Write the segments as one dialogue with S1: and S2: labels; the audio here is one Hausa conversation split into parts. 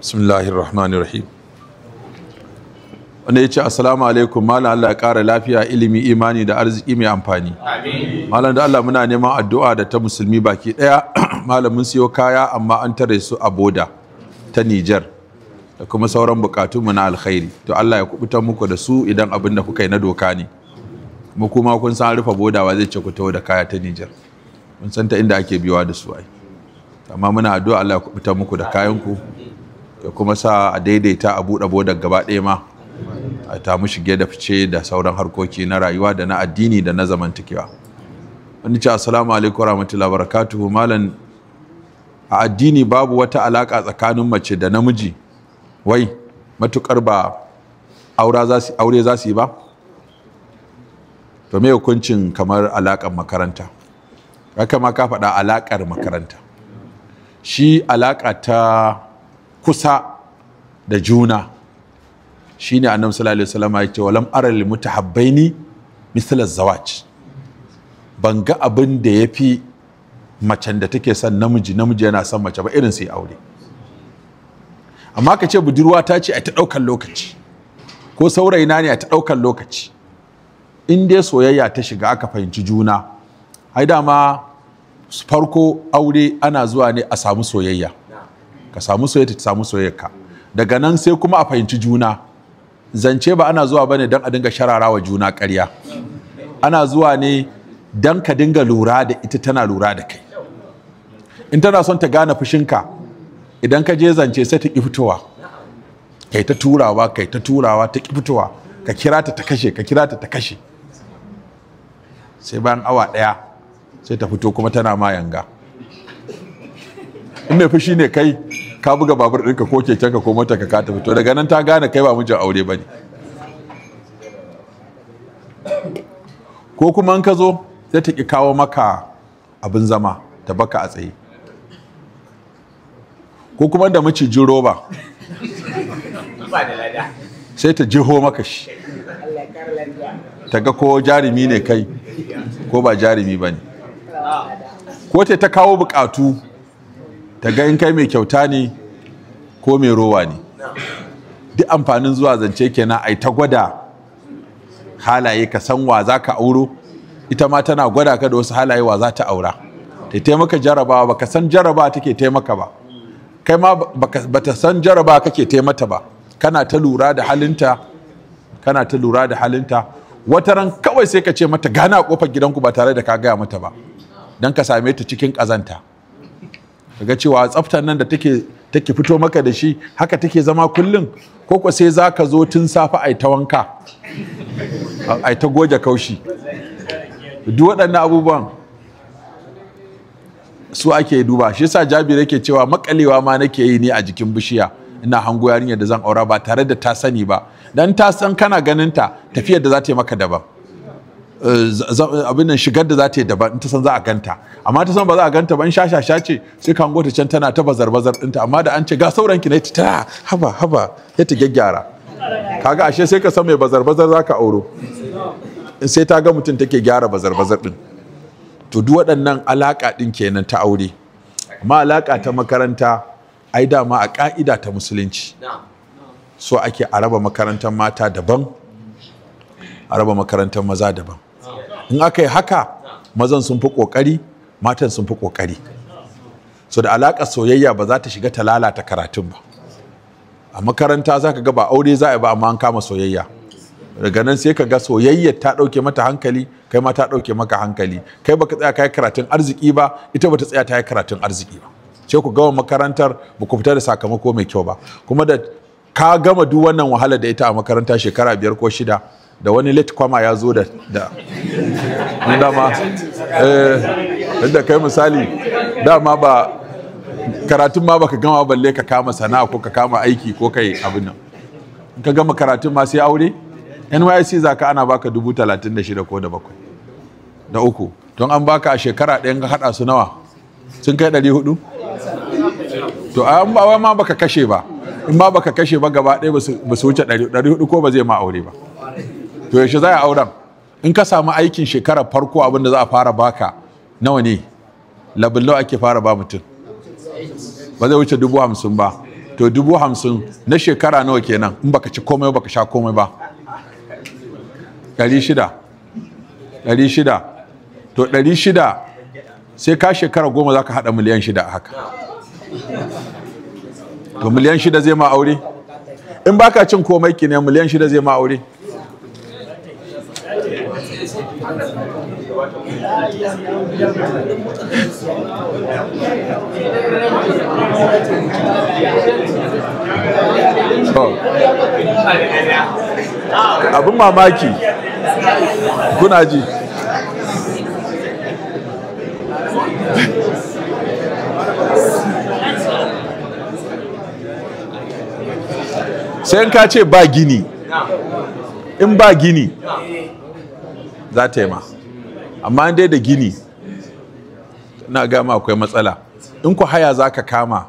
S1: bismillahir rahmanir wanda ya ce assalamu alaikum malam Allah ya ƙara lafiya ilimi imani da arziki mai amfani malam da Allah muna neman addu'a da ta musulmi baki ɗaya malam mun siyo kaya amma an tare su a boda ta Nijar da kuma sauran bukatunmu na alkhairi to Allah ya kubuta muku da su idan abin da kuka yi na doka ne mu kuma kun san rufe boda wa zai ce ku taho da kaya ta Nijar mun san ta inda ake biwa da su amma muna addu'a Allah ya kubuta muku da kayan ku ya kuma sa a daidaita a buɗe bodar gaba ɗaya ma a ta mu shige da fice da sauran harkoki na rayuwa da na addini da na zamantakewa wani ce assalamu alaikum warahmatullahi wabarakatuhu malam a addini babu wata alaka tsakanin mace da namiji wai matukar ba aure za su yi ba to me hukuncin kamar alakar makaranta haka ma ka faɗa alakar makaranta shi alaka ta kusa da juna shine annabi sallallahu alaihi wasallam ya ce walam ara lil mutahabbaini misal zawaj ban ga abin da yafi macen da take son namiji namiji yana son mace ba irin sai aure amma kace ce budurwa ta ce a ta daukar lokaci ko saurayina ne a ta ɗaukan lokaci in dai soyayya ta shiga aka fahimci juna ai dama farko aure ana zuwa ne a samu soyayya ka samu soyayya ta samu soyayyarka daga nan sai kuma a fahimci juna zance ba ana zuwa bane don a dinga shararawa juna ƙarya ana zuwa ne don ka dinga lura da ita tana lura da kai in tana son ta gane fushinka idan ka je zance sai ta ki fitowa kai ta turawa kai ta turawa ta ki fitowa ka kira ta ta kashe ka kira ta ta kashe sai bayan awa ɗaya sai ta fito kuma tana ma yanga in mai fushi ne kai ka buga babur ɗinka ko kekenka ko motarka ka tafi to daga nan ta gane kai ba mijin aure ba ne ko kuma in ka zo sai ta ki kawo maka abin zama ta baka a tsaye ko kuma da macijin roba sai ta jiho maka shi ta ga ko jarumi ne kai ko ba jarumi ba ne ko ta kawo bukatu ta ga in kai mai kyauta ne ko mai rowa ne duk amfanin zuwa zance kenan ai ta gwada halaye ka san wa za ka auro ita ma tana gwada ka da wasu halaye wa za ta aura ta taimaka jarabawa ka san jaraba take taimaka ba kai ma ba ta san jaraba kake taimata ba kana ta lura da halinta kana ta lura da halinta wata ran kawai sai ka ce mata gana kofar gidanku ba tare da ka gaya mata ba don ka same ta cikin ƙazanta kaga cewa tsaftar nan da take take fito maka da shi haka take zama kullum ko ko sai za ka zo tun safe ai ta wanka ai ta goje kaushi duk waɗannan abubuwan su ake duba shi yasa jabir yake cewa makalewa ma nake yi ne a jikin bishiya ina hango yarinyar da zan aura ba tare da ta sani ba dan ta san kana ganin ta tafiyar da za ta yi maka daban Eh, eh, abin nan shigar da za ta yi daban ta san za a ganta amma ta san ba za a ganta ba in sha sha ce sai ka ta can tana ta bazar bazar ɗinta amma da an ce ga sauran ki na ta ta haba haba ya ta gyaggyara kaga ashe sai ka san mai bazar bazar za ka auro sai ta ga mutum take gyara bazar bazar ɗin to duk waɗannan alaƙa ɗin kenan ta aure amma alaƙa ta makaranta ai dama a ƙa'ida ta musulunci so ake a raba makarantar mata daban a raba makarantar maza daban in aka yi haka mazan sun fi kokari matan sun fi kokari so da alaƙar soyayya ba za ta shiga ta lalata karatun ba a makaranta za ka ga ba aure za a ba amma an kama soyayya daga nan sai ka ga soyayyar ta ɗauke mata hankali kai ma ta ɗauke maka hankali kai baka tsaya ka yi karatun arziki ba ita bata tsaya ta yi karatun arziki ba ce ku gama makarantar ba ku fita da sakamako mai kyau ba kuma da ka gama duk wannan wahala da ita a makaranta shekara biyar ko shida da wani late kwama ya zo da dama eh, da kai misali dama ba karatun ma baka gama balle ka kama sana'a ko ka kama aiki ko kai abin nan ka gama karatun ma sai aure NYC za ka ana baka dubu talatin da shida ko da bakwai da uku don an baka a shekara ɗayan ka haɗa su nawa sun kai ɗari hudu to a an ba wai ma baka kashe ba in ma baka kashe ba gaba ɗaya ba su wuce ɗari hudu ko ba zai ma aure ba to yaushe za a auren in ka samu aikin shekarar farko abin da za a fara baka nawa ne labullo ake fara ba mutum ba zai wuce dubu hamsin ba to dubu hamsin na shekara nawa kenan in baka ci komai baka sha komai ba ɗari shida ɗari shida to ɗari shida sai ka shekara goma za ka haɗa miliyan shida a haka to miliyan shida zai ma aure in baka cin komai kenan miliyan shida zai ma aure Oh. abin mamaki kuna ji sai ka ce ba gini in ba gini za ta yi ma amma dai da gini na gama akwai matsala in ku haya za ka kama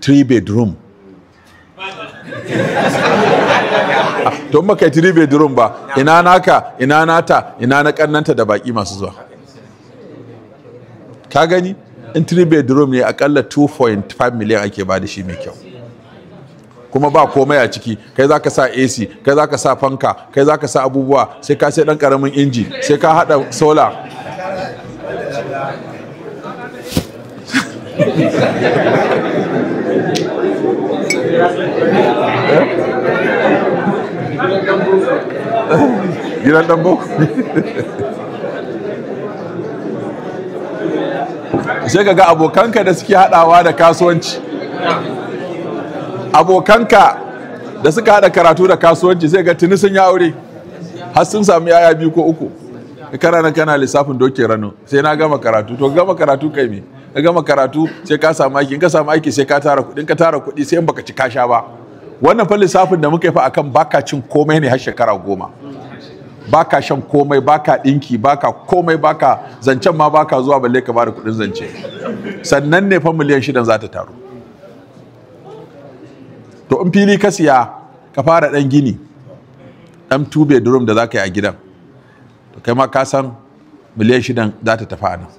S1: 3 bedroom don maka yi 3 bedroom ba ina naka ina nata ina na kannanta da baki masu zuwa ka gani in 3 bedroom ne akalla 2.5 miliyan ake ba da shi mai kyau kuma ba komai a ciki kai za ka sa ac kai za ka sa fanka kai za ka sa abubuwa sai ka sai dan karamin inji sai ka hada sola gidan dan boko sai ka ga abokanka da suke hadawa da kasuwanci abokanka da suka haɗa karatu da kasuwanci sai ga tuni sun yi aure har sun sami yaya biyu ko uku kana nan kana lissafin doke rano sai na gama karatu to gama karatu kai me ka gama karatu sai ka samu aiki in ka samu aiki sai ka tara kuɗi in ka tara kuɗi sai in baka ci kasha ba wannan fa lissafin da muka yi fa akan baka cin komai ne har shekara goma baka shan komai baka ɗinki baka komai baka zancen ma baka zuwa balle ka bada kuɗin zance sannan ne fa miliyan shidan za ta taru to in fili ka siya ka fara dan gini dan tube drum da za ka yi a gidan to kai ma ka san miliyan shidan za ta tafi a nan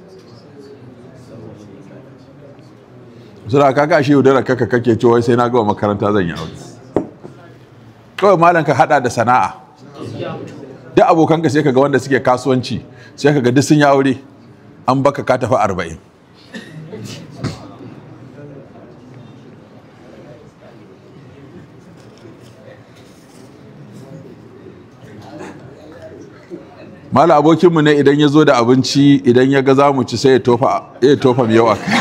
S1: suna ka shi yaudarar kaka kake cewa sai na gama makaranta zan yi aure kawai malam ka hada da sana'a duk abokanka sai ka ga wanda suke kasuwanci sai ka ga duk sun yi aure an baka ka tafi arba'in mala abokinmu ne idan ya zo da abinci idan ya ga zamu ci sai ya tofa ya yawa a kai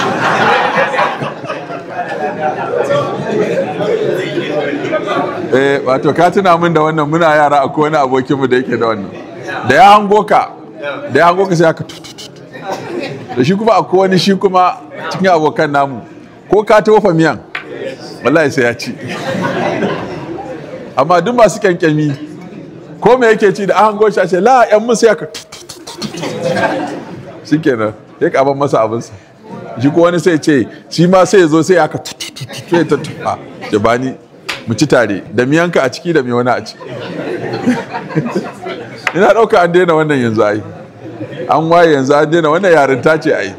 S1: eh wato ka tuna min da wannan muna yara akwai wani abokinmu da yake da wannan da ya hango ka da ya hango ka sai aka da shi kuma akwai wani shi kuma cikin abokan namu ko ka tofa miyan wallahi sai ya ci amma duk masu kyankyami ko me yake ci da an hango a ce la yan musu ya ka kenan ya kaban masa abinsa shi ko wani sai ce shi ma sai zo sai aka sai ta tufa ya bani mu ci tare da miyanka a ciki da mi wani a ciki ina ɗauka an daina wannan yanzu ai an waye yanzu an daina wannan ta ce ai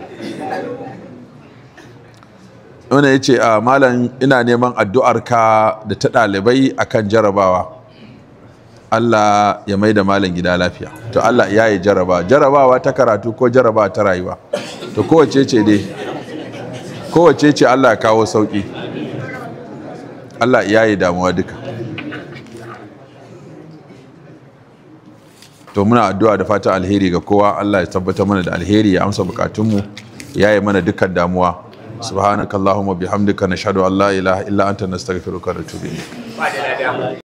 S1: wannan ya ce a malam ina neman addu'arka da ta ɗalibai akan jarabawa Allah ya mai da malin gida lafiya to Allah ya yi jaraba jarabawa ta karatu ko jaraba ta rayuwa to kowace ce dai kowace ce Allah ya kawo sauki Allah ya yi damuwa duka to muna addu'a da fatan alheri ga kowa Allah ya tabbata mana da alheri ya amsa bukatunmu ya yi mana dukkan damuwa subhanakallahumma bihamdika nashhadu an la ilaha illa anta nastaghfiruka wa natubu ilayk